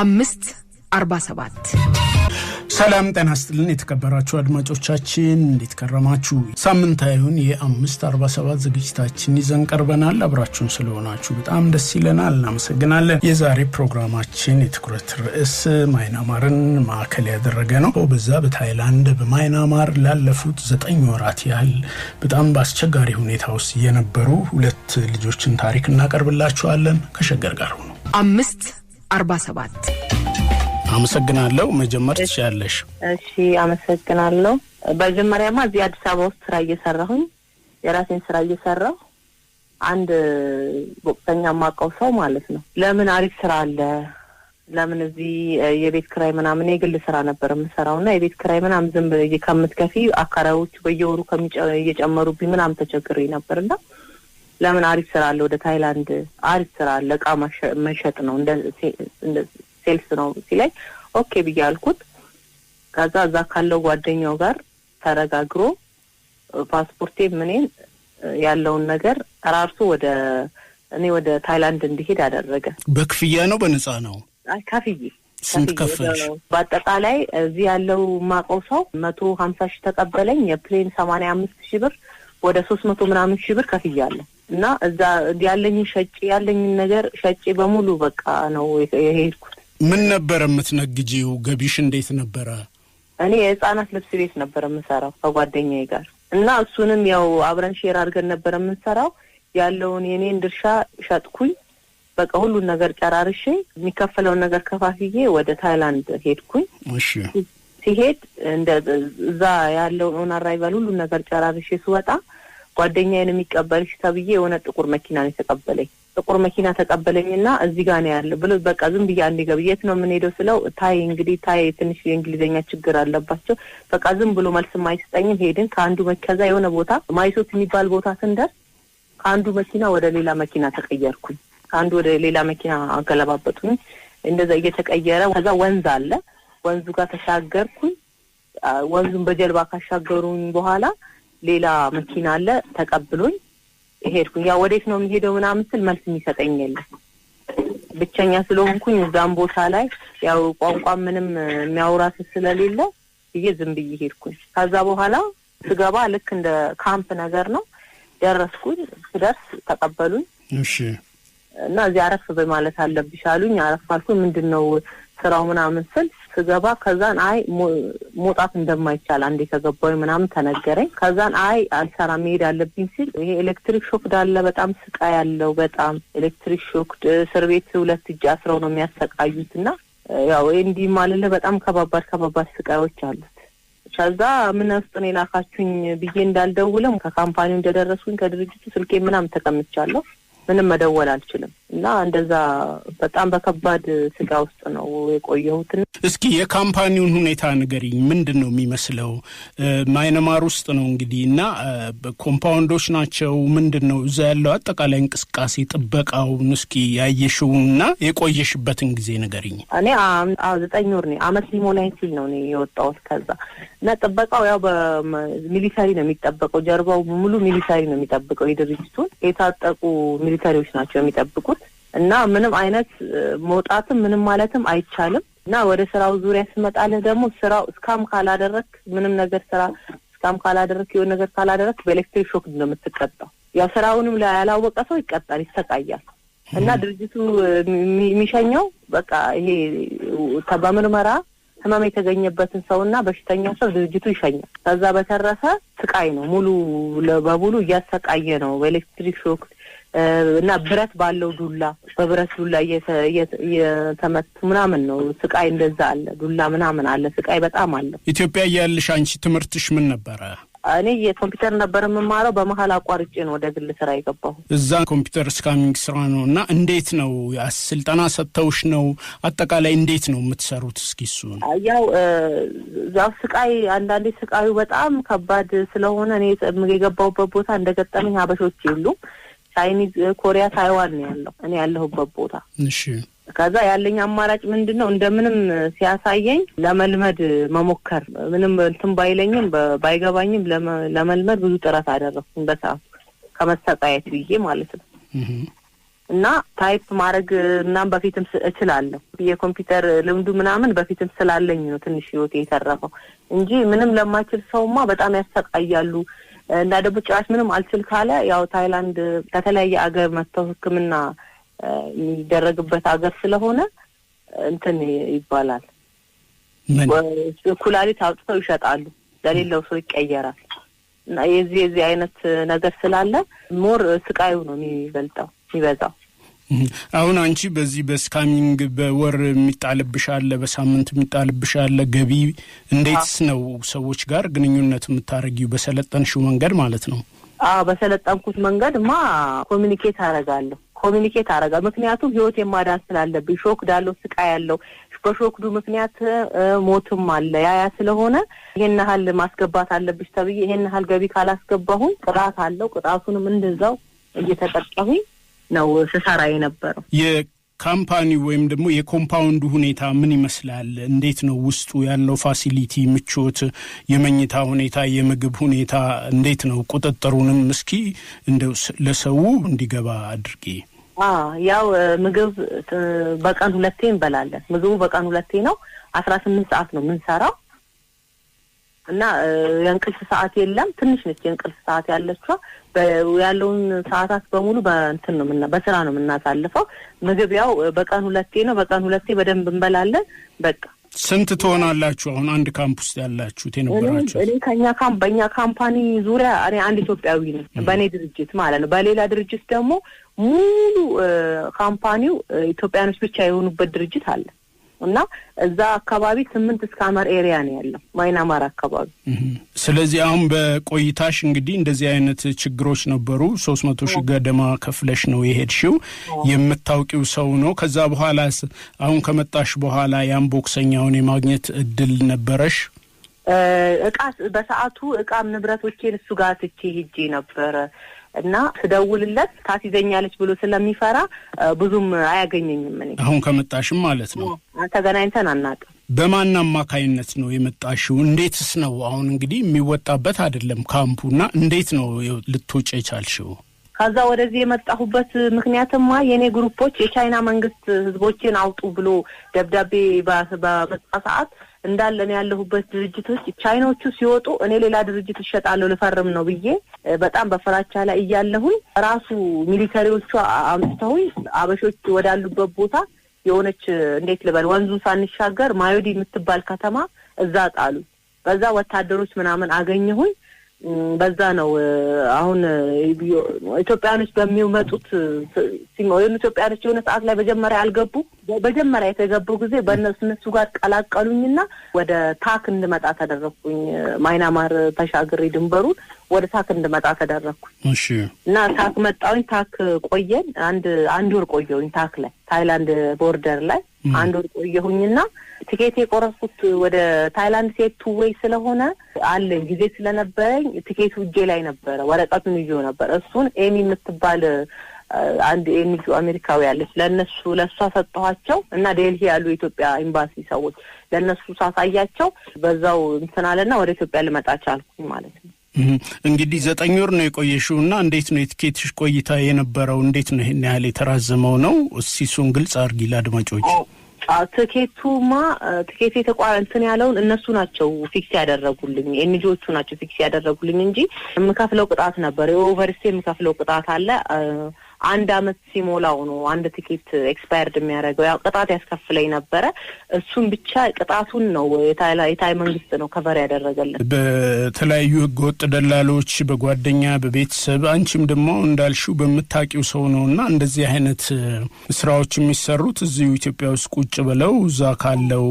አምስት አርባ ሰባት ሰላም ጤና ስጥልን። የተከበራችሁ አድማጮቻችን እንዴት ከረማችሁ? ሳምንታዊውን የአምስት አርባ ሰባት ዝግጅታችን ይዘን ቀርበናል። አብራችሁን ስለሆናችሁ በጣም ደስ ይለናል፣ እናመሰግናለን። የዛሬ ፕሮግራማችን የትኩረት ርዕስ ማይናማርን ማዕከል ያደረገ ነው። በዛ በታይላንድ በማይናማር ላለፉት ዘጠኝ ወራት ያህል በጣም በአስቸጋሪ ሁኔታ ውስጥ የነበሩ ሁለት ልጆችን ታሪክ እናቀርብላችኋለን። ከሸገር ጋር ሆኑ አምስት 47 አመሰግናለሁ። መጀመር ትችላለሽ። እሺ፣ አመሰግናለሁ። በመጀመሪያማ እዚህ አዲስ አበባ ውስጥ ስራ እየሰራሁኝ የራሴን ስራ እየሰራሁ አንድ ወቅተኛ የማውቀው ሰው ማለት ነው ለምን አሪፍ ስራ አለ ለምን እዚህ የቤት ክራይ ምናምን የግል ስራ ነበር የምሰራው እና የቤት ክራይ ምናምን ዝም ከምትከፊ አካራዮቹ በየወሩ እየጨመሩብኝ ምናምን ተቸግሬ ነበር እና ለምን አሪፍ ስራ አለ። ወደ ታይላንድ አሪፍ ስራ አለ፣ እቃ መሸጥ ነው እንደ ሴልስ ነው ሲለኝ ኦኬ ብዬ አልኩት። ከዛ እዛ ካለው ጓደኛው ጋር ተረጋግሮ ፓስፖርቴ ምኔን ያለውን ነገር ራርሱ ወደ እኔ ወደ ታይላንድ እንዲሄድ አደረገ። በክፍያ ነው በነፃ ነው? አይ ከፍዬ። ስንት ከፈልሽ? በአጠቃላይ እዚህ ያለው ማቀው ሰው መቶ ሀምሳ ሺህ ተቀበለኝ። የፕሌን ሰማንያ አምስት ሺህ ብር ወደ ሶስት መቶ ምናምን ሺህ ብር ከፍያለሁ። እና እዛ ያለኝን ሸጭ ያለኝን ነገር ሸጬ በሙሉ በቃ ነው የሄድኩት። ምን ነበረ የምትነግጂው? ገቢሽ እንዴት ነበረ? እኔ የህጻናት ልብስ ቤት ነበር የምሰራው ከጓደኛዬ ጋር እና እሱንም ያው አብረን ሼር አድርገን ነበር የምንሰራው። ያለውን የኔን ድርሻ ሸጥኩኝ። በቃ ሁሉን ነገር ጨራርሼ የሚከፈለውን ነገር ከፋፍዬ ወደ ታይላንድ ሄድኩኝ። እሺ ሲሄድ እንደ እዛ ያለውን ኦን አራይቫል ሁሉን ነገር ጨራርሼ ስወጣ ጓደኛዬን የሚቀበልሽ ተብዬ የሆነ ጥቁር መኪና ነው የተቀበለኝ። ጥቁር መኪና ተቀበለኝ ተቀበለኝና እዚህ ጋ ነው ያለው ብሎ በቃ ዝም ብዬ አንዴ ገብ የት ነው የምንሄደው ስለው ታይ እንግዲህ ታይ ትንሽ የእንግሊዝኛ ችግር አለባቸው። በቃ ዝም ብሎ መልስ ማይሰጠኝም። ሄድን ከአንዱ ከዛ የሆነ ቦታ ማይሶት የሚባል ቦታ ስንደርስ ከአንዱ መኪና ወደ ሌላ መኪና ተቀየርኩኝ። ከአንዱ ወደ ሌላ መኪና አገለባበጡኝ። እንደዛ እየተቀየረ ከዛ ወንዝ አለ። ወንዙ ጋር ተሻገርኩኝ። ወንዙን በጀልባ ካሻገሩኝ በኋላ ሌላ መኪና አለ ተቀብሎኝ ሄድኩኝ። ያ ወዴት ነው የሚሄደው ምናምን ስል መልስ የሚሰጠኝ የለም። ብቸኛ ስለሆንኩኝ እዛም ቦታ ላይ ያው ቋንቋ ምንም የሚያወራት ስለሌለ ብዬ ዝም ብዬ ሄድኩኝ። ከዛ በኋላ ስገባ ልክ እንደ ካምፕ ነገር ነው ደረስኩኝ። ስደርስ ተቀበሉኝ። እሺ እና እዚህ አረፍ በማለት አለብሽ አሉኝ። አረፍ አልኩኝ። ምንድን ነው ስራው ምናምን ስል ስገባ ከዛን አይ መውጣት እንደማይቻል አንዴ ከገባ ምናምን ተነገረኝ። ከዛን አይ አልሰራ መሄድ አለብኝ ሲል ይሄ ኤሌክትሪክ ሾክ ዳለ በጣም ስቃ ያለው በጣም ኤሌክትሪክ ሾክ እስር ቤት ሁለት እጅ አስረው ነው የሚያሰቃዩት እና ያው እንዲህ ማለለ በጣም ከባባድ ከባባድ ስቃዮች አሉት። ከዛ ምን ውስጥ ነው የላካችሁኝ ብዬ እንዳልደውልም ከካምፓኒው እንደደረሱኝ ከድርጅቱ ስልኬ ምናምን ተቀምቻለሁ። ምንም መደወል አልችልም። እና እንደዛ በጣም በከባድ ስጋ ውስጥ ነው የቆየሁት። እስኪ የካምፓኒውን ሁኔታ ንገሪኝ። ምንድን ነው የሚመስለው? ማይነማር ውስጥ ነው እንግዲህ እና ኮምፓውንዶች ናቸው። ምንድን ነው እዛ ያለው አጠቃላይ እንቅስቃሴ ጥበቃውን? እስኪ እና የቆየሽበትን ጊዜ ንገሪኝ። እኔ ዘጠኝ ወር ነው አመት ሊሞላኝ ሲል ነው እኔ የወጣሁት ከዛ እና ጥበቃው ያው በሚሊታሪ ነው የሚጠበቀው። ጀርባው ሙሉ ሚሊታሪ ነው የሚጠብቀው። የድርጅቱን የታጠቁ ሚሊታሪዎች ናቸው የሚጠብቁት እና ምንም አይነት መውጣትም ምንም ማለትም አይቻልም። እና ወደ ስራው ዙሪያ ስመጣልህ ደግሞ ስራው እስካም ካላደረክ ምንም ነገር ስራ እስካም ካላደረክ የሆነ ነገር ካላደረክ በኤሌክትሪክ ሾክ ነው የምትቀጣው። ያው ስራውንም ያላወቀ ሰው ይቀጣል፣ ይሰቃያል። እና ድርጅቱ የሚሸኘው በቃ ይሄ በምርመራ ህመም የተገኘበትን ሰውና በሽተኛ ሰው ድርጅቱ ይሸኛል። ከዛ በተረፈ ስቃይ ነው ሙሉ በሙሉ እያሰቃየ ነው በኤሌክትሪክ ሾክ እና ብረት ባለው ዱላ በብረት ዱላ እየተመቱ ምናምን ነው። ስቃይ እንደዛ አለ፣ ዱላ ምናምን አለ፣ ስቃይ በጣም አለ። ኢትዮጵያ እያልሽ አንቺ ትምህርትሽ ምን ነበረ? እኔ የኮምፒውተር ነበር የምማረው። በመሀል አቋርጬ ነው ወደ ግል ስራ የገባሁ። እዛ ኮምፒውተር ስካሚንግ ስራ ነው እና እንዴት ነው ስልጠና ሰጥተውሽ ነው? አጠቃላይ እንዴት ነው የምትሰሩት? እስኪ ያው ያው ስቃይ አንዳንዴ ስቃዩ በጣም ከባድ ስለሆነ እኔ የገባሁበት ቦታ እንደገጠመኝ ሀበሾች የሉም ቻይኒዝ ኮሪያ፣ ታይዋን ነው ያለው እኔ ያለሁበት ቦታ። እሺ ከዛ ያለኝ አማራጭ ምንድን ነው? እንደምንም ሲያሳየኝ ለመልመድ መሞከር ምንም እንትን ባይለኝም ባይገባኝም ለመልመድ ብዙ ጥረት አደረግኩኝ በሰዓቱ ከመሰቃየት ብዬ ማለት ነው። እና ታይፕ ማድረግ እናም በፊትም እችላለሁ የኮምፒውተር ልምዱ ምናምን በፊትም ስላለኝ ነው ትንሽ ህይወት የተረፈው እንጂ ምንም ለማይችል ሰውማ በጣም ያሰቃያሉ። እና ደግሞ ጭራሽ ምንም አልችል ካለ ያው ታይላንድ ከተለያየ አገር መጥተው ሕክምና የሚደረግበት አገር ስለሆነ እንትን ይባላል። ኩላሊት አውጥተው ይሸጣሉ፣ ለሌለው ሰው ይቀየራል። እና የዚህ የዚህ አይነት ነገር ስላለ ሞር ስቃዩ ነው የሚበልጠው የሚበዛው። አሁን አንቺ በዚህ በስካሚንግ በወር የሚጣልብሽ አለ፣ በሳምንት የሚጣልብሽ አለ ገቢ። እንዴትስ ነው ሰዎች ጋር ግንኙነት የምታደርጊው? በሰለጠንሽው መንገድ ማለት ነው? አዎ በሰለጠንኩት መንገድ ማ ኮሚኒኬት አረጋለሁ ኮሚኒኬት አደርጋለሁ። ምክንያቱም ህይወት የማዳን ስላለብኝ ሾክ ዳለው ስቃይ ያለው በሾክዱ ምክንያት ሞትም አለ። ያያ ስለሆነ ይሄን ያህል ማስገባት አለብሽ ተብዬ ይሄን ያህል ገቢ ካላስገባሁኝ ቅጣት አለው። ቅጣቱንም እንደዛው እየተቀጣሁኝ ነው ስሰራ የነበረው። የካምፓኒ ወይም ደግሞ የኮምፓውንዱ ሁኔታ ምን ይመስላል? እንዴት ነው ውስጡ ያለው ፋሲሊቲ፣ ምቾት፣ የመኝታ ሁኔታ፣ የምግብ ሁኔታ እንዴት ነው? ቁጥጥሩንም እስኪ እንደው ለሰው እንዲገባ አድርጌ ያው ምግብ በቀን ሁለቴ እንበላለን። ምግቡ በቀን ሁለቴ ነው። አስራ ስምንት ሰዓት ነው የምንሰራው እና የእንቅልፍ ሰዓት የለም። ትንሽ ነች የእንቅልፍ ሰዓት ያለችዋ። ያለውን ሰዓታት በሙሉ በእንትን ነው በስራ ነው የምናሳልፈው። ምግብ ያው በቀን ሁለቴ ነው። በቀን ሁለቴ በደንብ እንበላለን። በቃ ስንት ትሆናላችሁ አሁን አንድ ካምፕ ውስጥ ያላችሁት የነበራችሁ? እኔ ከኛ ካምፕ በእኛ ካምፓኒ ዙሪያ እኔ አንድ ኢትዮጵያዊ ነው፣ በእኔ ድርጅት ማለት ነው። በሌላ ድርጅት ደግሞ ሙሉ ካምፓኒው ኢትዮጵያኖች ብቻ የሆኑበት ድርጅት አለ። እና እዛ አካባቢ ስምንት እስከ አመር ኤሪያ ነው ያለው ማይናማር አካባቢ። ስለዚህ አሁን በቆይታሽ እንግዲህ እንደዚህ አይነት ችግሮች ነበሩ። ሶስት መቶ ሺህ ገደማ ከፍለሽ ነው የሄድሽው። የምታውቂው ሰው ነው። ከዛ በኋላ አሁን ከመጣሽ በኋላ ያን ቦክሰኛውን የማግኘት እድል ነበረሽ? እቃ በሰዓቱ እቃም ንብረቶቼን እሱ ጋር ትቼ ሄጄ ነበረ እና ስደውልለት ታስይዘኛለች ብሎ ስለሚፈራ ብዙም አያገኘኝም። እኔ አሁን ከመጣሽም ማለት ነው ተገናኝተን አናውቅም። በማን አማካይነት ነው የመጣሽው? እንዴትስ ነው አሁን እንግዲህ የሚወጣበት አይደለም ካምፑና፣ እንዴት ነው ልትወጪ የቻልሽው? ከዛ ወደዚህ የመጣሁበት ምክንያትማ የእኔ ግሩፖች የቻይና መንግስት ህዝቦችን አውጡ ብሎ ደብዳቤ በመጣ ሰዓት እንዳለ ነው ያለሁበት ድርጅት ውስጥ ቻይኖቹ ሲወጡ እኔ ሌላ ድርጅት እሸጣለሁ ልፈርም ነው ብዬ በጣም በፍራቻ ላይ እያለሁኝ ራሱ ሚሊተሪዎቹ አምጥተውኝ አበሾች ወዳሉበት ቦታ የሆነች እንዴት ልበል ወንዙ ሳንሻገር ማዮዲ የምትባል ከተማ እዛ ጣሉ። በዛ ወታደሮች ምናምን አገኘሁኝ። በዛ ነው አሁን ኢትዮጵያኖች በሚመጡት ወይም ኢትዮጵያኖች የሆነ ሰዓት ላይ መጀመሪያ አልገቡ መጀመሪያ የተገቡ ጊዜ በእነሱ እነሱ ጋር ቀላቀሉኝና ወደ ታክ እንድመጣ ተደረግኩኝ። ማይናማር ተሻግሬ ድንበሩን ወደ ታክ እንድመጣ ተደረግኩ እና ታክ መጣውኝ ታክ ቆየን። አንድ አንድ ወር ቆየሁኝ ታክ ላይ ታይላንድ ቦርደር ላይ አንድ ወር ቆየሁኝና ትኬት የቆረጥኩት ወደ ታይላንድ ሴት ቱ ወይ ስለሆነ አለኝ ጊዜ ስለነበረኝ ትኬቱ እጄ ላይ ነበረ፣ ወረቀቱን ይዤው ነበር። እሱን ኤሚ የምትባል አንድ ኤሚቱ አሜሪካዊ ያለች ለእነሱ ለእሷ ሰጠኋቸው እና ዴልሂ ያሉ የኢትዮጵያ ኤምባሲ ሰዎች ለእነሱ ሳሳያቸው በዛው እንትን አለና ወደ ኢትዮጵያ ልመጣ ቻልኩኝ ማለት ነው። እንግዲህ ዘጠኝ ወር ነው የቆየሽው እና እንዴት ነው የትኬትሽ ቆይታ የነበረው? እንዴት ነው ይህን ያህል የተራዘመው ነው? እሱን ግልጽ አድርጊ ለአድማጮች። ትኬቱማ ትኬቱ የተቋረ እንትን ያለውን እነሱ ናቸው ፊክስ ያደረጉልኝ፣ ኤንጂዎቹ ናቸው ፊክስ ያደረጉልኝ እንጂ የምከፍለው ቅጣት ነበር። የኦቨርስቴ የምከፍለው ቅጣት አለ አንድ አመት ሲሞላው ነው አንድ ቲኬት ኤክስፓየርድ የሚያደርገው። ያው ቅጣት ያስከፍለኝ ነበረ። እሱን ብቻ ቅጣቱን ነው የታይ መንግስት ነው ከቨር ያደረገልን። በተለያዩ ህገወጥ ደላሎች፣ በጓደኛ በቤተሰብ አንቺም ደግሞ እንዳልሽው በምታውቂው ሰው ነው እና እንደዚህ አይነት ስራዎች የሚሰሩት እዚሁ ኢትዮጵያ ውስጥ ቁጭ ብለው እዛ ካለው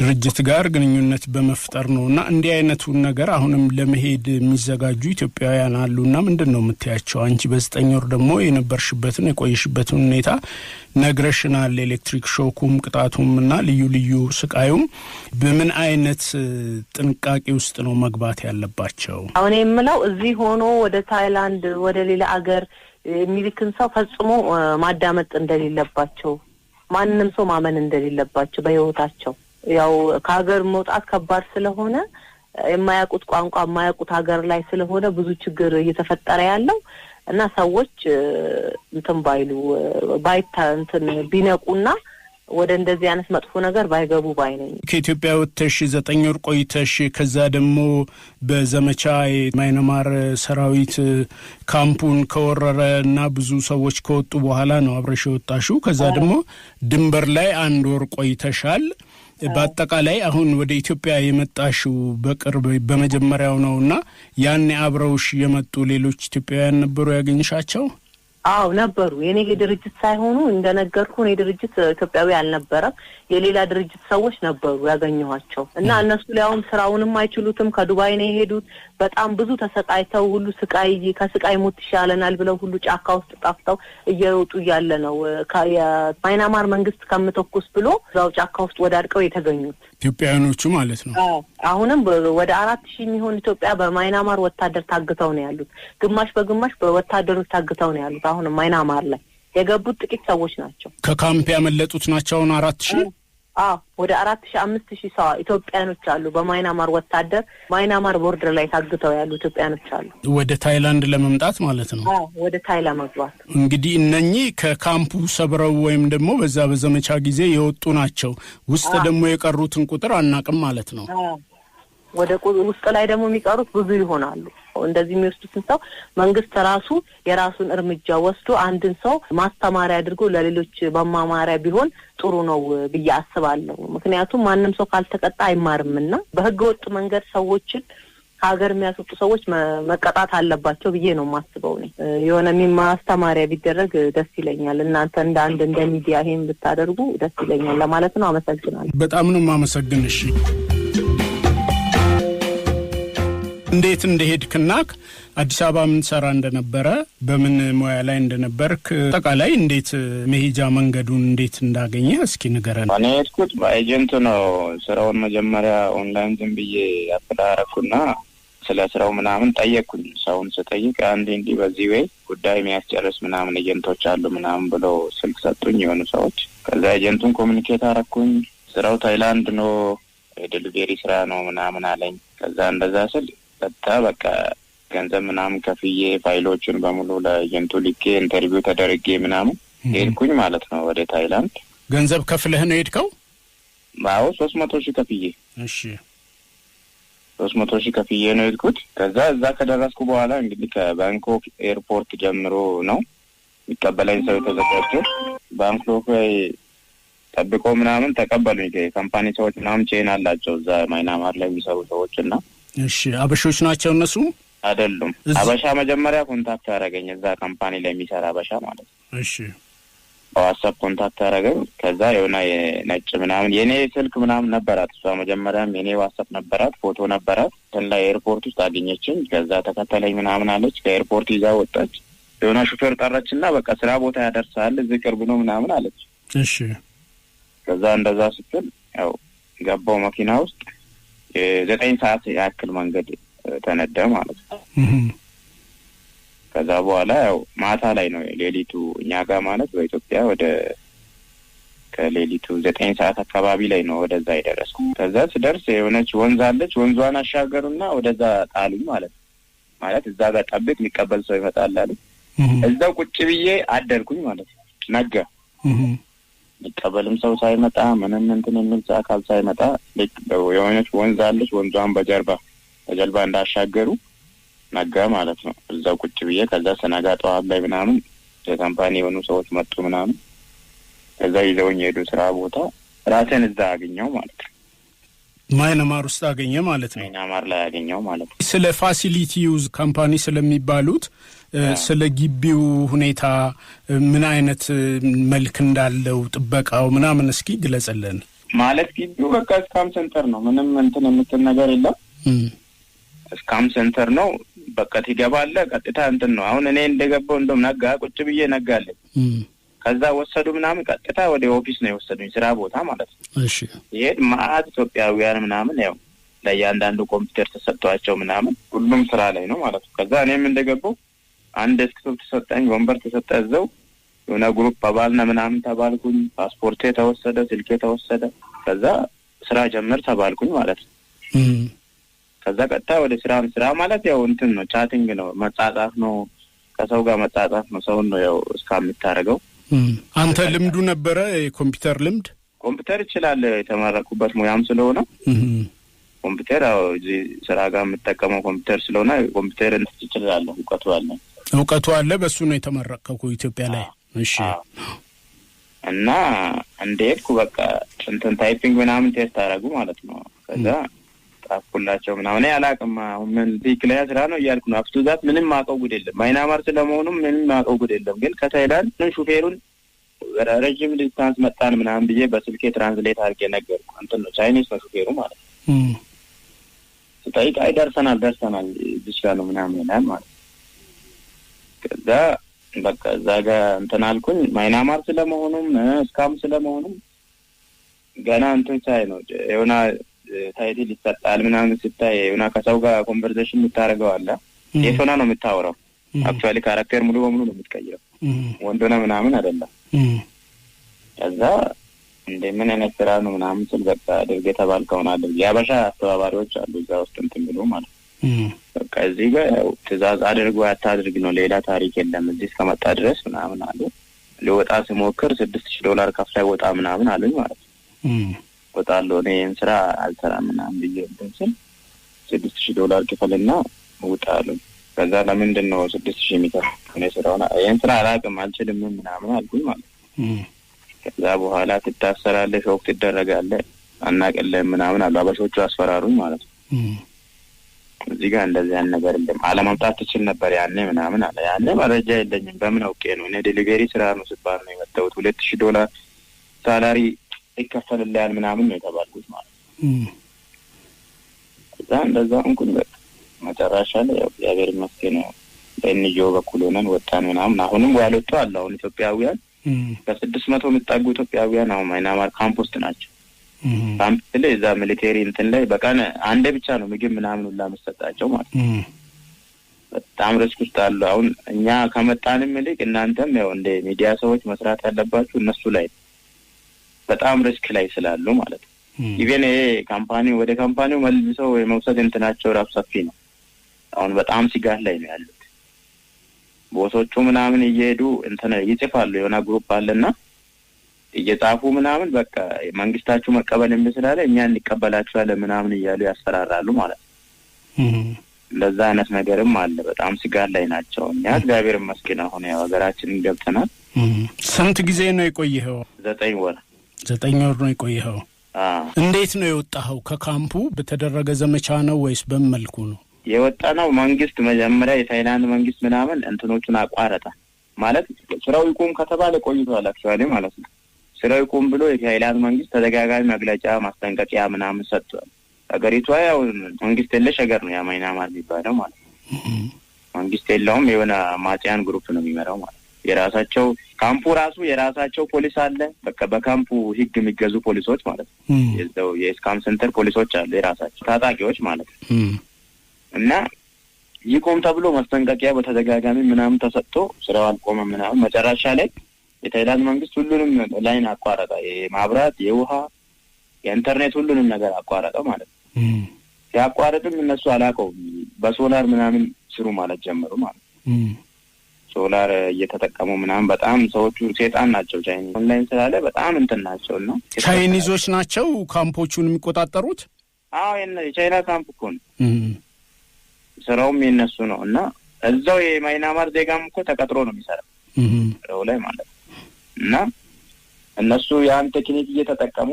ድርጅት ጋር ግንኙነት በመፍጠር ነው እና እንዲህ አይነቱን ነገር አሁንም ለመሄድ የሚዘጋጁ ኢትዮጵያውያን አሉ እና ምንድን ነው የምታያቸው? አንቺ በዘጠኝ ወር ደግሞ የነበርሽበትን የቆየሽበትን ሁኔታ ነግረሽናል። ኤሌክትሪክ ሾኩም ቅጣቱም እና ልዩ ልዩ ስቃዩም በምን አይነት ጥንቃቄ ውስጥ ነው መግባት ያለባቸው? አሁን የምለው እዚህ ሆኖ ወደ ታይላንድ ወደ ሌላ አገር የሚልክን ሰው ፈጽሞ ማዳመጥ እንደሌለባቸው ማንም ሰው ማመን እንደሌለባቸው በህይወታቸው ያው ከሀገር መውጣት ከባድ ስለሆነ የማያውቁት ቋንቋ የማያውቁት ሀገር ላይ ስለሆነ ብዙ ችግር እየተፈጠረ ያለው እና ሰዎች እንትን ባይሉ ባይታ እንትን ቢነቁና ወደ እንደዚህ አይነት መጥፎ ነገር ባይገቡ ባይ ነኝ። ከኢትዮጵያ ወጥተሽ ዘጠኝ ወር ቆይተሽ ከዛ ደግሞ በዘመቻ የማይነማር ሰራዊት ካምፑን ከወረረ እና ብዙ ሰዎች ከወጡ በኋላ ነው አብረሽ የወጣሹ። ከዛ ደግሞ ድንበር ላይ አንድ ወር ቆይተሻል። በአጠቃላይ አሁን ወደ ኢትዮጵያ የመጣሽው በቅርብ በመጀመሪያው ነው እና ያኔ አብረውሽ የመጡ ሌሎች ኢትዮጵያውያን ነበሩ ያገኝሻቸው? አዎ ነበሩ። የኔ ድርጅት ሳይሆኑ እንደነገርኩ እኔ ድርጅት ኢትዮጵያዊ አልነበረም። የሌላ ድርጅት ሰዎች ነበሩ ያገኘኋቸው እና እነሱ ሊያውም ስራውንም አይችሉትም። ከዱባይ ነው የሄዱት። በጣም ብዙ ተሰቃይተው ሁሉ ስቃይ ከስቃይ ሞት ይሻለናል ብለው ሁሉ ጫካ ውስጥ ጠፍተው እየወጡ እያለ ነው የማይናማር መንግስት ከምተኩስ ብሎ እዛው ጫካ ውስጥ ወዳድቀው የተገኙት። ኢትዮጵያውያኖቹ ማለት ነው። አሁንም ወደ አራት ሺህ የሚሆን ኢትዮጵያ በማይናማር ወታደር ታግተው ነው ያሉት። ግማሽ በግማሽ በወታደሮች ታግተው ነው ያሉት። አሁንም ማይናማር ላይ የገቡት ጥቂት ሰዎች ናቸው። ከካምፕ ያመለጡት ናቸው። አሁን አራት ሺህ አዎ ወደ አራት ሺ አምስት ሺ ሰው ኢትዮጵያኖች አሉ በማይናማር ወታደር ማይናማር ቦርደር ላይ ታግተው ያሉ ኢትዮጵያኖች አሉ። ወደ ታይላንድ ለመምጣት ማለት ነው። ወደ ታይ ለመግባት እንግዲህ እነኚህ ከካምፑ ሰብረው ወይም ደግሞ በዛ በዘመቻ ጊዜ የወጡ ናቸው። ውስጥ ደግሞ የቀሩትን ቁጥር አናቅም ማለት ነው። ወደ ውስጥ ላይ ደግሞ የሚቀሩት ብዙ ይሆናሉ። እንደዚህ የሚወስዱትን ሰው መንግስት ራሱ የራሱን እርምጃ ወስዶ አንድን ሰው ማስተማሪያ አድርጎ ለሌሎች መማማሪያ ቢሆን ጥሩ ነው ብዬ አስባለሁ። ምክንያቱም ማንም ሰው ካልተቀጣ አይማርምና በህገ ወጥ መንገድ ሰዎችን ከሀገር የሚያስወጡ ሰዎች መቀጣት አለባቸው ብዬ ነው የማስበው። ነ የሆነ ማስተማሪያ ቢደረግ ደስ ይለኛል። እናንተ እንደ አንድ እንደ ሚዲያ ይሄን ብታደርጉ ደስ ይለኛል ለማለት ነው። አመሰግናለሁ። በጣም ነው የማመሰግንሽ። እንዴት እንደሄድክና አዲስ አበባ ምን ሰራ እንደነበረ በምን ሙያ ላይ እንደነበርክ አጠቃላይ እንዴት መሄጃ መንገዱን እንዴት እንዳገኘ እስኪ ንገረን። እኔ ሄድኩት በኤጀንት ነው። ስራውን መጀመሪያ ኦንላይን ዝም ብዬ አፕላይ ስለ ስራው ምናምን ጠየቅኩኝ። ሰውን ስጠይቅ አንድ እንዲህ በዚህ ወይ ጉዳይ የሚያስጨርስ ምናምን ኤጀንቶች አሉ ምናምን ብለው ስልክ ሰጡኝ የሆኑ ሰዎች። ከዛ ኤጀንቱን ኮሚኒኬት አረኩኝ። ስራው ታይላንድ ነው፣ የዴሊቬሪ ስራ ነው ምናምን አለኝ። ከዛ እንደዛ ስል ሰጠ። በቃ ገንዘብ ምናምን ከፍዬ ፋይሎችን በሙሉ ለየንቱ ልኬ ኢንተርቪው ተደርጌ ምናምን ሄድኩኝ ማለት ነው ወደ ታይላንድ። ገንዘብ ከፍለህ ነው ሄድከው? አዎ ሶስት መቶ ሺህ ከፍዬ እሺ ሶስት መቶ ሺህ ከፍዬ ነው የሄድኩት። ከዛ እዛ ከደረስኩ በኋላ እንግዲህ ከባንኮክ ኤርፖርት ጀምሮ ነው የሚቀበለኝ ሰው የተዘጋጀ ባንኮክ ላይ ጠብቆ ምናምን ተቀበሉኝ። ከካምፓኒ ሰዎች ምናምን ቼን አላቸው እዛ ማይናማር ላይ የሚሰሩ ሰዎች እና እሺ አበሾች ናቸው እነሱ አይደሉም። አበሻ መጀመሪያ ኮንታክት ያደረገኝ እዛ ካምፓኒ ላይ የሚሰራ አበሻ ማለት ነው። እሺ በዋትሳፕ ኮንታክት ያደረገኝ። ከዛ የሆነ የነጭ ምናምን የእኔ ስልክ ምናምን ነበራት እሷ መጀመሪያም የእኔ ዋትሳፕ ነበራት፣ ፎቶ ነበራት። እንትን ላይ ኤርፖርት ውስጥ አገኘችኝ። ከዛ ተከተለኝ ምናምን አለች። ከኤርፖርት ይዛ ወጣች። የሆነ ሹፌር ጠራች እና በቃ ስራ ቦታ ያደርሳል እዚህ ቅርብ ነው ምናምን አለች። እሺ ከዛ እንደዛ ስትል ያው ገባው መኪና ውስጥ የዘጠኝ ሰዓት ያክል መንገድ ተነዳ ማለት ነው። ከዛ በኋላ ያው ማታ ላይ ነው ሌሊቱ እኛ ጋር ማለት በኢትዮጵያ ወደ ከሌሊቱ ዘጠኝ ሰዓት አካባቢ ላይ ነው ወደዛ የደረስኩ። ከዛ ስደርስ የሆነች ወንዝ አለች። ወንዟን አሻገሩና ወደዛ ጣሉኝ ማለት ነው። ማለት እዛ ጋር ጠብቅ፣ የሚቀበል ሰው ይመጣል አሉ። እዛው ቁጭ ብዬ አደርኩኝ ማለት ነው። ሊቀበልም ሰው ሳይመጣ ምንም እንትን የሚል አካል ሳይመጣ የሆነች ወንዝ አለች። ወንዟን በጀርባ በጀልባ እንዳሻገሩ ነጋ ማለት ነው። እዛው ቁጭ ብዬ ከዛ ስነጋ ጠዋት ላይ ምናምን የካምፓኒ የሆኑ ሰዎች መጡ ምናምን ከዛ ይዘውኝ የሄዱ ስራ ቦታ ራሴን እዛ አገኘው ማለት ነው። ማይነማር ውስጥ አገኘ ማለት ነው። ማይናማር ላይ አገኘው ማለት ነው። ስለ ፋሲሊቲ ዩዝ ካምፓኒ ስለሚባሉት ስለ ግቢው ሁኔታ ምን አይነት መልክ እንዳለው ጥበቃው ምናምን እስኪ ግለጽልን። ማለት ግቢው በቃ እስካም ሴንተር ነው። ምንም እንትን የምትል ነገር የለም። እስካም ሴንተር ነው። በቃ ትገባለህ። ቀጥታ እንትን ነው። አሁን እኔ እንደገባው እንደም ነጋ ቁጭ ብዬ ነጋለኝ። ከዛ ወሰዱ ምናምን ቀጥታ ወደ ኦፊስ ነው የወሰዱኝ፣ ስራ ቦታ ማለት ነው። ይሄድ ማአት ኢትዮጵያውያን ምናምን ያው ለእያንዳንዱ ኮምፒውተር ተሰጥቷቸው ምናምን ሁሉም ስራ ላይ ነው ማለት ነው። ከዛ እኔም እንደገባው አንድ ዴስክቶፕ ተሰጠኝ፣ ወንበር ተሰጠ። እዛው የሆነ ግሩፕ አባልና ምናምን ተባልኩኝ። ፓስፖርቴ ተወሰደ፣ ስልኬ ተወሰደ። ከዛ ስራ ጀምር ተባልኩኝ ማለት ነው። ከዛ ቀጥታ ወደ ስራ ስራ ማለት ያው እንትን ነው፣ ቻቲንግ ነው፣ መጻጻፍ ነው፣ ከሰው ጋር መጻጻፍ ነው። ሰውን ነው ያው እስካ የምታደርገው። አንተ ልምዱ ነበረ የኮምፒውተር ልምድ? ኮምፒውተር ይችላል የተመረኩበት ሙያም ስለሆነ ኮምፒውተር ያው እዚህ ስራ ጋር የምጠቀመው ኮምፒውተር ስለሆነ ኮምፒውተር ይችላለሁ፣ እውቀቱ አለኝ። እውቀቱ አለ። በእሱ ነው የተመረቀኩ ኢትዮጵያ ላይ። እሺ እና እንደሄድኩ በቃ እንትን ታይፒንግ ምናምን ቴስት አደረጉ ማለት ነው። ከዛ ጻፍኩላቸው ምናምን አላውቅም። አሁን ምን ትክክለኛ ስራ ነው እያልኩ ነው። አብቱ ዛት ምንም ማውቀው ጉድ የለም። ማይናማር ስለመሆኑም ምንም ማውቀው ጉድ የለም። ግን ከታይላንድ ሹፌሩን ረዥም ዲስታንስ መጣን ምናምን ብዬ በስልኬ ትራንስሌት አድርጌ ነገርኩ። እንትን ነው ቻይኒስ ነው ሹፌሩ ማለት ነው። ስጠይቅ አይ ደርሰናል ደርሰናል ብቻ ነው ምናምን ይላል ማለት ነው። ከዛ በቃ እዛ ጋ እንትን አልኩኝ። ማይናማር ስለመሆኑም እስካም ስለመሆኑም ገና እንትን ሳይ ነው የሆና ታይትል ይሰጣል ምናምን ስታይ የሆና ከሰው ጋር ኮንቨርሴሽን የምታደርገው አለ። የት ነው የምታወራው? አክቹዋሊ ካራክተር ሙሉ በሙሉ ነው የምትቀይረው። ወንድ ሆነ ምናምን አይደለም። ከዛ እንደ ምን አይነት ስራ ነው ምናምን ስል በቃ ድርግ የተባልከውን አድርጌ የአበሻ አስተባባሪዎች አሉ እዛ ውስጥ እንትን ብሎ ማለት በቃ እዚህ ጋር ያው ትእዛዝ አድርጎ ያታድርግ ነው። ሌላ ታሪክ የለም። እዚህ እስከመጣ ድረስ ምናምን አሉ። ሊወጣ ሲሞክር ስድስት ሺ ዶላር ከፍ ላይ ወጣ ምናምን አሉኝ ማለት ነው። ወጣለሁ እኔ ይህን ስራ አልሰራ ምናምን ብዬ ስል ስድስት ሺ ዶላር ክፈልና ውጣ አሉኝ። ከዛ ለምንድን ነው ስድስት ሺ የሚከፍል ስራሆነ ይህን ስራ አላቅም አልችልም ምናምን አልኩኝ ማለት ነው። ከዛ በኋላ ትታሰራለህ፣ ሾክ ትደረጋለህ፣ አናቅልህ ምናምን አሉ። አበሾቹ አስፈራሩኝ ማለት ነው። እዚህ ጋር እንደዚህ ያን ነገር እንደ አለማምጣት ትችል ነበር ያኔ ምናምን አለ። ያኔ መረጃ የለኝም በምን አውቄ ነው እኔ ዴሊቨሪ ስራ ነው ስባል ነው የመጣሁት። ሁለት ሺህ ዶላር ሳላሪ ይከፈልልሃል ምናምን ነው የተባልኩት ማለት ነው። እዛ እንደዛ እንኩን መጨረሻ ላይ ያው እግዚአብሔር ይመስገን ነው በእንዮ በኩል ሆነን ወጣን ምናምን። አሁንም ያልወጡ አለ አሁን ኢትዮጵያውያን ከስድስት መቶ የሚጠጉ ኢትዮጵያውያን አሁን ማይናማር ካምፕ ውስጥ ናቸው። ላይ እዛ ሚሊቴሪ እንትን ላይ በቀን አንዴ ብቻ ነው ምግብ ምናምን ሁላ መሰጣቸው ማለት ነው። በጣም ሪስክ ውስጥ አሉ። አሁን እኛ ከመጣንም ይልቅ እናንተም ያው እንደ ሚዲያ ሰዎች መስራት ያለባችሁ እነሱ ላይ በጣም ሪስክ ላይ ስላሉ ማለት ነው። ኢቬን ይሄ ካምፓኒ ወደ ካምፓኒው መልሰው የመውሰድ እንትናቸው ራሱ ሰፊ ነው። አሁን በጣም ስጋት ላይ ነው ያሉት ቦሶቹ ምናምን እየሄዱ እንትን ይጽፋሉ የሆነ ግሩፕ አለና እየጻፉ ምናምን በቃ መንግስታችሁ መቀበል የምስላለ እኛ እንቀበላችኋለን ምናምን እያሉ ያስፈራራሉ ማለት ነው። እንደዛ አይነት ነገርም አለ። በጣም ስጋት ላይ ናቸው። እኛ እግዚአብሔር ይመስገን አሁን ያው ሀገራችንን ገብተናል። ስንት ጊዜ ነው የቆይኸው? ዘጠኝ ወር ዘጠኝ ወር ነው የቆይኸው። እንዴት ነው የወጣኸው? ከካምፑ በተደረገ ዘመቻ ነው ወይስ በምን መልኩ ነው የወጣ ነው? መንግስት መጀመሪያ የታይላንድ መንግስት ምናምን እንትኖቹን አቋረጠ ማለት ስራው ይቁም ከተባለ ቆይቷል አክቹዋሊ ማለት ነው ስራው ይቁም ብሎ የታይላንድ መንግስት ተደጋጋሚ መግለጫ ማስጠንቀቂያ ምናምን ሰጥቷል። ሀገሪቷ ያው መንግስት የለሽ ሀገር ነው የማይናማር የሚባለው ማለት ነው። መንግስት የለውም። የሆነ ማጽያን ግሩፕ ነው የሚመራው ማለት ነው። የራሳቸው ካምፑ ራሱ የራሳቸው ፖሊስ አለ። በቃ በካምፑ ህግ የሚገዙ ፖሊሶች ማለት ነው። የዛው የስካም ሴንተር ፖሊሶች አሉ የራሳቸው ታጣቂዎች ማለት ነው። እና ይቆም ተብሎ ማስጠንቀቂያ በተደጋጋሚ ምናምን ተሰጥቶ ስራው አልቆመ ምናምን መጨረሻ ላይ የታይላንድ መንግስት ሁሉንም ላይን አቋረጠ። የማብራት፣ የውሃ፣ የኢንተርኔት ሁሉንም ነገር አቋረጠ ማለት ነው። ሲያቋረጥም እነሱ አላውቀውም በሶላር ምናምን ስሩ ማለት ጀመሩ ማለት ነው። ሶላር እየተጠቀሙ ምናምን በጣም ሰዎቹ ሴጣን ናቸው። ቻይኒ ኦንላይን ስላለ በጣም እንትን ናቸው እና ቻይኒዞች ናቸው ካምፖቹን የሚቆጣጠሩት። አዎ የቻይና ካምፕ እኮ ነው፣ ስራውም የነሱ ነው እና እዛው የማይናማር ዜጋም እኮ ተቀጥሮ ነው የሚሰራ ላይ ማለት ነው። እና እነሱ ያን ቴክኒክ እየተጠቀሙ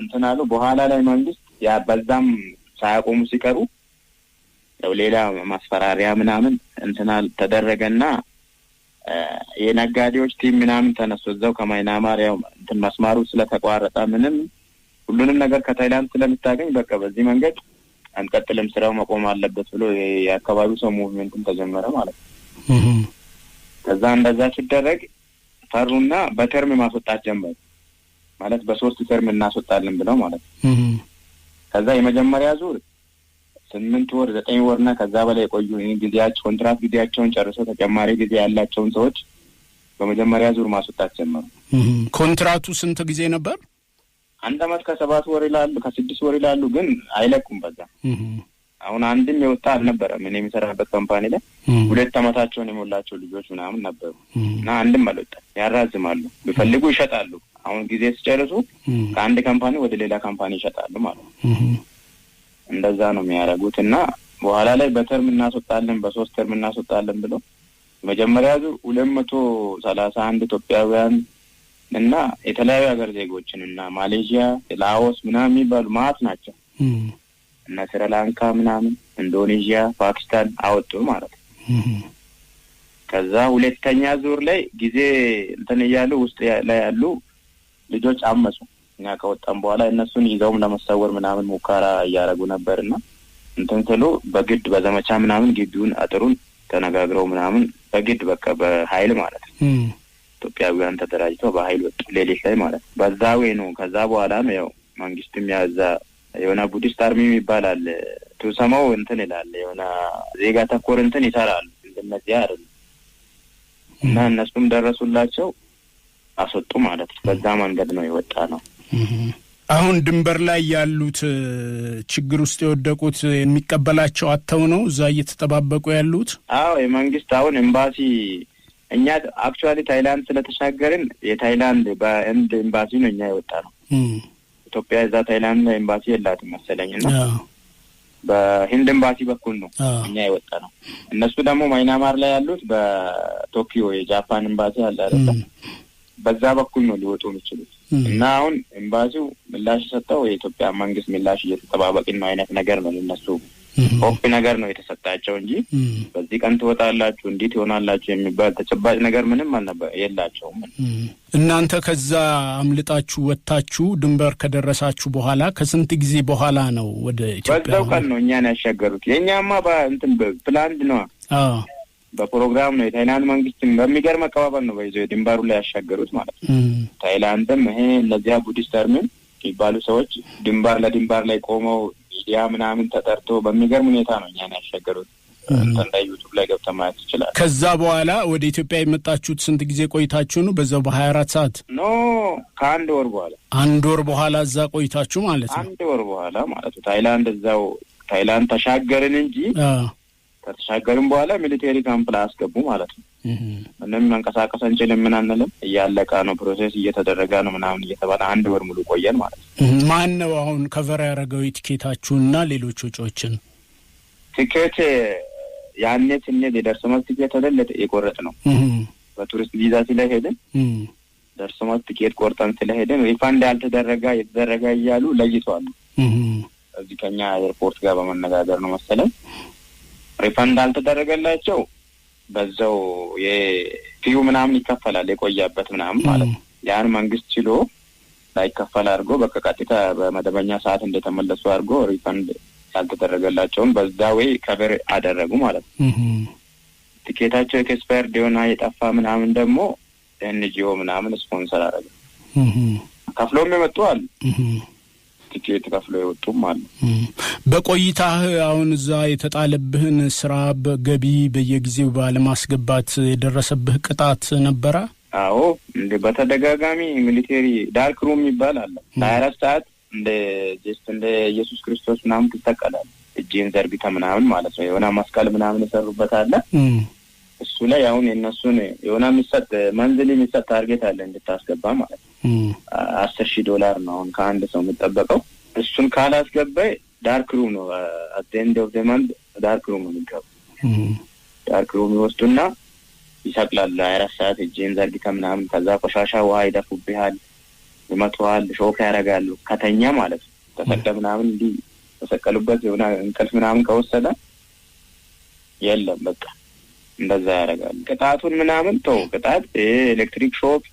እንትን አሉ። በኋላ ላይ መንግስት ያ በዛም ሳያቆሙ ሲቀሩ ያው ሌላ ማስፈራሪያ ምናምን እንትናል ተደረገና የነጋዴዎች ቲም ምናምን ተነሱ። እዛው ከማይናማር ያው እንትን መስማሩ ስለተቋረጠ ምንም ሁሉንም ነገር ከታይላንድ ስለምታገኝ በቃ በዚህ መንገድ አንቀጥልም፣ ስራው መቆም አለበት ብሎ የአካባቢው ሰው ሙቭመንትን ተጀመረ ማለት ነው። ከዛ እንደዛ ሲደረግ ፈሩና በተርም ማስወጣት ጀመሩ። ማለት በሶስት ተርም እናስወጣለን ብለው ማለት ነው። ከዛ የመጀመሪያ ዙር ስምንት ወር ዘጠኝ ወርና ከዛ በላይ የቆዩ ጊዜያቸው ኮንትራት ጊዜያቸውን ጨርሰው ተጨማሪ ጊዜ ያላቸውን ሰዎች በመጀመሪያ ዙር ማስወጣት ጀመሩ። ኮንትራቱ ስንት ጊዜ ነበር? አንድ አመት ከሰባት ወር ይላሉ፣ ከስድስት ወር ይላሉ፣ ግን አይለቁም በዛ አሁን አንድም የወጣ አልነበረም። እኔ የሚሰራበት ካምፓኒ ላይ ሁለት ዓመታቸውን የሞላቸው ልጆች ምናምን ነበሩ እና አንድም አልወጣም። ያራዝማሉ፣ ቢፈልጉ ይሸጣሉ። አሁን ጊዜ ሲጨርሱ ከአንድ ካምፓኒ ወደ ሌላ ካምፓኒ ይሸጣሉ ማለት ነው። እንደዛ ነው የሚያደርጉት እና በኋላ ላይ በተርም እናስወጣለን፣ በሶስት ተርም እናስወጣለን ብሎ መጀመሪያ ዙር ሁለት መቶ ሰላሳ አንድ ኢትዮጵያውያን እና የተለያዩ ሀገር ዜጎችን እና ማሌዥያ፣ ላኦስ ምናምን የሚባሉ ማት ናቸው እነ ስሪላንካ ምናምን፣ ኢንዶኔዥያ፣ ፓኪስታን አወጡ ማለት ነው። ከዛ ሁለተኛ ዙር ላይ ጊዜ እንትን እያሉ ውስጥ ላይ ያሉ ልጆች አመፁ። እኛ ከወጣም በኋላ እነሱን ይዘውም ለመሰወር ምናምን ሙከራ እያደረጉ ነበርና እንትን ስሉ በግድ በዘመቻ ምናምን ግቢውን አጥሩን ተነጋግረው ምናምን በግድ በቃ በሀይል ማለት ነው ኢትዮጵያውያን ተደራጅተው በሀይል ወጡ። ሌሊት ላይ ማለት ነው። በዛ ወይ ነው። ከዛ በኋላ ነው ያው መንግስትም ያዛ የሆነ ቡዲስት አርሚ ይባላል። ትሰማው እንትን ይላል የሆነ ዜጋ ተኮር እንትን ይሰራሉ። እንደነዚህ አይደል። እና እነሱም ደረሱላቸው አስወጡ ማለት ነው። በዛ መንገድ ነው የወጣ ነው። አሁን ድንበር ላይ ያሉት ችግር ውስጥ የወደቁት የሚቀበላቸው አተው ነው እዛ እየተጠባበቁ ያሉት። አዎ የመንግስት አሁን ኤምባሲ እኛ አክቹዋሊ ታይላንድ ስለተሻገርን የታይላንድ በህንድ ኤምባሲ ነው እኛ የወጣ ነው ኢትዮጵያ እዛ ታይላንድ ኤምባሲ የላትም መሰለኝ እና በሂንድ ኤምባሲ በኩል ነው እኛ የወጣ ነው። እነሱ ደግሞ ማይናማር ላይ ያሉት በቶኪዮ የጃፓን ኤምባሲ አለ አይደለ? በዛ በኩል ነው ሊወጡ የሚችሉት። እና አሁን ኤምባሲው ምላሽ ሰጠው፣ የኢትዮጵያ መንግስት ምላሽ እየተጠባበቅን ነው አይነት ነገር ነው እነሱ ኦፕ ነገር ነው የተሰጣቸው እንጂ በዚህ ቀን ትወጣላችሁ እንዴት ይሆናላችሁ የሚባል ተጨባጭ ነገር ምንም አልነበር የላቸውም። እናንተ ከዛ አምልጣችሁ ወጥታችሁ ድንበር ከደረሳችሁ በኋላ ከስንት ጊዜ በኋላ ነው ወደ ኢትዮጵያ? በዛው ቀን ነው እኛን ያሻገሩት። የእኛማ በእንትን ፕላንድ ነው በፕሮግራም ነው። የታይላንድ መንግስትም በሚገርም አቀባበል ነው በይዘው የድንበሩ ላይ ያሻገሩት ማለት ነው። ታይላንድም ይሄ እነዚያ ቡዲስት አርሚን የሚባሉ ሰዎች ድንባር ለድንባር ላይ ቆመው ያ ምናምን ተጠርቶ በሚገርም ሁኔታ ነው እኛን ያሻገሩት። ጠንዳይ ዩቱብ ላይ ገብተ ማየት ይችላል። ከዛ በኋላ ወደ ኢትዮጵያ የመጣችሁት ስንት ጊዜ ቆይታችሁ ነው? በዛው በሀያ አራት ሰዓት ኖ ከአንድ ወር በኋላ አንድ ወር በኋላ እዛ ቆይታችሁ ማለት ነው። አንድ ወር በኋላ ማለት ታይላንድ እዛው ታይላንድ ተሻገርን እንጂ ከተሻገርን በኋላ ሚሊቴሪ ካምፕ ላይ አስገቡ ማለት ነው። ምንም መንቀሳቀስ አንችልም ምናንልም አንልም። እያለቀ ነው ፕሮሴስ እየተደረገ ነው ምናምን እየተባለ አንድ ወር ሙሉ ቆየን ማለት ነው። ማን ነው አሁን ከቨር ያደረገው ቲኬታችሁና ሌሎች ወጪዎችን? ቲኬት ያኔ ስንሄድ የደርሶ መልስ ቲኬት አይደል የቆረጥ ነው በቱሪስት ቪዛ ስለሄድን ደርሶ መልስ ቲኬት ቆርጠን ስለሄድን ሪፋንድ ያልተደረገ የተደረገ እያሉ ለይቷሉ። እዚህ ከኛ ኤርፖርት ጋር በመነጋገር ነው መሰለኝ ሪፋንድ አልተደረገላቸው በዛው የፊዩ ምናምን ይከፈላል የቆያበት ምናምን ማለት ነው። ያን መንግስት ችሎ ላይከፈል አድርጎ በቃ ቀጥታ በመደበኛ ሰዓት እንደተመለሱ አድርጎ ሪፈንድ ያልተደረገላቸውን በዛ ወይ ከብር አደረጉ ማለት ነው። ትኬታቸው ኤክስፓየር የሆነ የጠፋ ምናምን ደግሞ ኤንጂኦ ምናምን ስፖንሰር አደረገ ከፍሎም የመጡ አሉ። ትኬት ከፍለው የወጡም አሉ። በቆይታህ አሁን እዛ የተጣለብህን ስራ በገቢ በየጊዜው ባለማስገባት የደረሰብህ ቅጣት ነበረ? አዎ እንደ በተደጋጋሚ ሚሊቴሪ ዳርክ ሩም የሚባል አለ። ለሀያ አራት ሰዓት እንደ ጀስት እንደ ኢየሱስ ክርስቶስ ምናምን ትጠቀላል እጅን ዘርግተ ምናምን ማለት ነው። የሆነ መስቀል ምናምን የሰሩበት አለ። እሱ ላይ አሁን የእነሱን የሆነ የሚሰጥ መንዝል የሚሰጥ ታርጌት አለ እንድታስገባ ማለት ነው። አስር ሺህ ዶላር ነው አሁን ከአንድ ሰው የምጠበቀው። እሱን ካላስገባይ ዳርክ ሩም ነው አቴንድ ኦፍ ደማንድ ዳርክ ሩም ነው የሚገቡ። ዳርክ ሩም ይወስዱና ይሰቅላሉ። ሀያ አራት ሰዓት እጅን ዘርግተ ምናምን ከዛ ቆሻሻ ውሃ ይደፉብሃል፣ ይመቱሃል፣ ሾክ ያደርጋሉ። ከተኛ ማለት ነው ተሰቀ ምናምን እንዲህ ተሰቀሉበት የሆነ እንቅልፍ ምናምን ከወሰደ የለም በቃ እንደዛ ያደርጋሉ። ቅጣቱን ምናምን ተው ቅጣት ኤሌክትሪክ ሾክ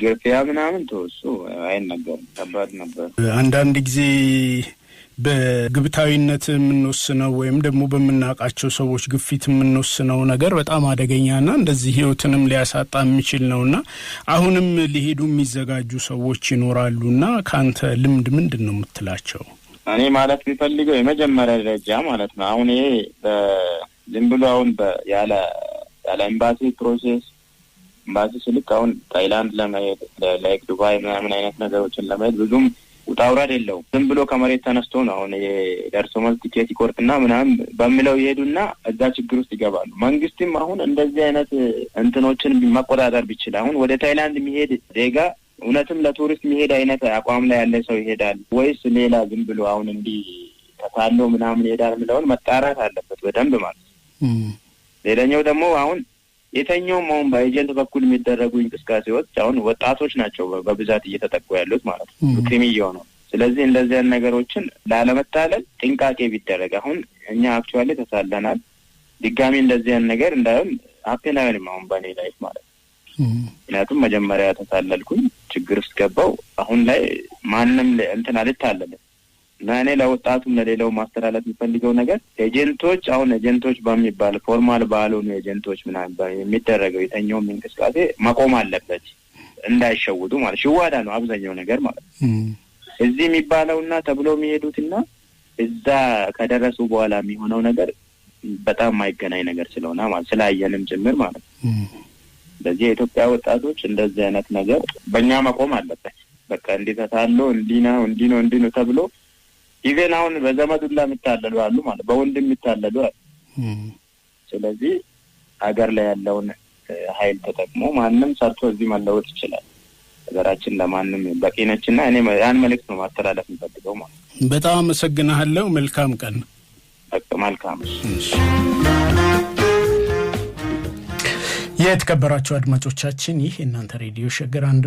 ግርፊያ ምናምን ተወሱ አይነገርም። ከባድ ነበር። አንዳንድ ጊዜ በግብታዊነት የምንወስነው ወይም ደግሞ በምናውቃቸው ሰዎች ግፊት የምንወስነው ነገር በጣም አደገኛና እንደዚህ ህይወትንም ሊያሳጣ የሚችል ነውና አሁንም ሊሄዱ የሚዘጋጁ ሰዎች ይኖራሉና ከአንተ ልምድ ምንድን ነው የምትላቸው? እኔ ማለት የሚፈልገው የመጀመሪያ ደረጃ ማለት ነው አሁን ይሄ ዝም ብሎ አሁን ያለ ኤምባሲ ፕሮሴስ ባስ ስልክ አሁን ታይላንድ ለመሄድ ላይክ ዱባይ ምናምን አይነት ነገሮችን ለመሄድ ብዙም ውጣ ውረድ የለውም። ዝም ብሎ ከመሬት ተነስቶ ነው አሁን የደርሶ መልስ ቲኬት ይቆርጥና ምናምን በሚለው ይሄዱና እዛ ችግር ውስጥ ይገባሉ። መንግስትም አሁን እንደዚህ አይነት እንትኖችን መቆጣጠር ቢችል አሁን ወደ ታይላንድ የሚሄድ ዜጋ እውነትም ለቱሪስት የሚሄድ አይነት አቋም ላይ ያለ ሰው ይሄዳል ወይስ ሌላ ዝም ብሎ አሁን እንዲህ ተታሎ ምናምን ይሄዳል የሚለውን መጣራት አለበት በደንብ ማለት ነው። ሌላኛው ደግሞ አሁን የተኛውም አሁን በኤጀንት በኩል የሚደረጉ እንቅስቃሴዎች አሁን ወጣቶች ናቸው በብዛት እየተጠቁ ያሉት ማለት ነው፣ ክሪሚ እየሆኑ ስለዚህ እንደዚያን ነገሮችን ላለመታለል ጥንቃቄ ቢደረግ አሁን እኛ አክቹዋሊ ተሳለናል። ድጋሚ እንደዚያን ነገር እንዳሁም ሀፔን አይሆንም አሁን በእኔ ላይፍ ማለት ምክንያቱም መጀመሪያ ተሳለልኩኝ ችግር ውስጥ ገባው። አሁን ላይ ማንም እንትን አልታለልም እና እኔ ለወጣቱም ለሌላው ማስተላለፍ የሚፈልገው ነገር ኤጀንቶች አሁን ኤጀንቶች በሚባል ፎርማል ባልሆኑ ኤጀንቶች ምናምን የሚደረገው የተኛውም እንቅስቃሴ መቆም አለበት፣ እንዳይሸውዱ ማለት ሽዋዳ ነው አብዛኛው ነገር ማለት ነው። እዚህ የሚባለውና ተብሎ የሚሄዱትና እዛ ከደረሱ በኋላ የሚሆነው ነገር በጣም የማይገናኝ ነገር ስለሆነ ማለት ስላየንም ጭምር ማለት ነው። ስለዚህ የኢትዮጵያ ወጣቶች እንደዚህ አይነት ነገር በእኛ መቆም አለበት። በቃ እንዲህ ተታሎ እንዲህ ነው እንዲህ ነው እንዲህ ነው ተብሎ ኢቨን አሁን በዘመዱላ ሁላ የሚታለሉ አሉ ማለት በወንድ የሚታለሉ አሉ። ስለዚህ ሀገር ላይ ያለውን ኃይል ተጠቅሞ ማንም ሰርቶ እዚህ መለወጥ ይችላል። ሀገራችን ለማንም በቂ ነችና እኔ ያን መልእክት ነው ማስተላለፍ የምፈልገው ማለት በጣም አመሰግናለሁ። መልካም ቀን። መልካም የተከበራቸው አድማጮቻችን ይህ የእናንተ ሬዲዮ ሸገር አንድ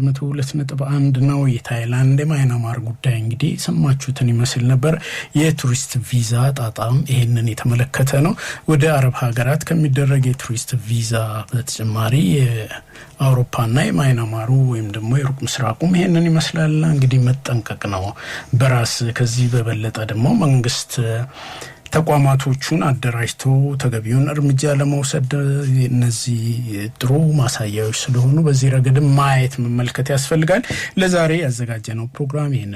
ነው። የታይላንድ የማይናማር ጉዳይ እንግዲህ ሰማችሁትን ይመስል ነበር። የቱሪስት ቪዛ ጣጣም ይህንን የተመለከተ ነው። ወደ አረብ ሀገራት ከሚደረግ የቱሪስት ቪዛ በተጨማሪ የአውሮፓና የማይናማሩ ወይም ደግሞ የሩቅ ምስራቁም ይህንን ይመስላል። እንግዲህ መጠንቀቅ ነው በራስ ከዚህ በበለጠ ደግሞ መንግስት ተቋማቶቹን አደራጅቶ ተገቢውን እርምጃ ለመውሰድ እነዚህ ጥሩ ማሳያዎች ስለሆኑ በዚህ ረገድም ማየት መመልከት ያስፈልጋል። ለዛሬ ያዘጋጀነው ፕሮግራም ይህን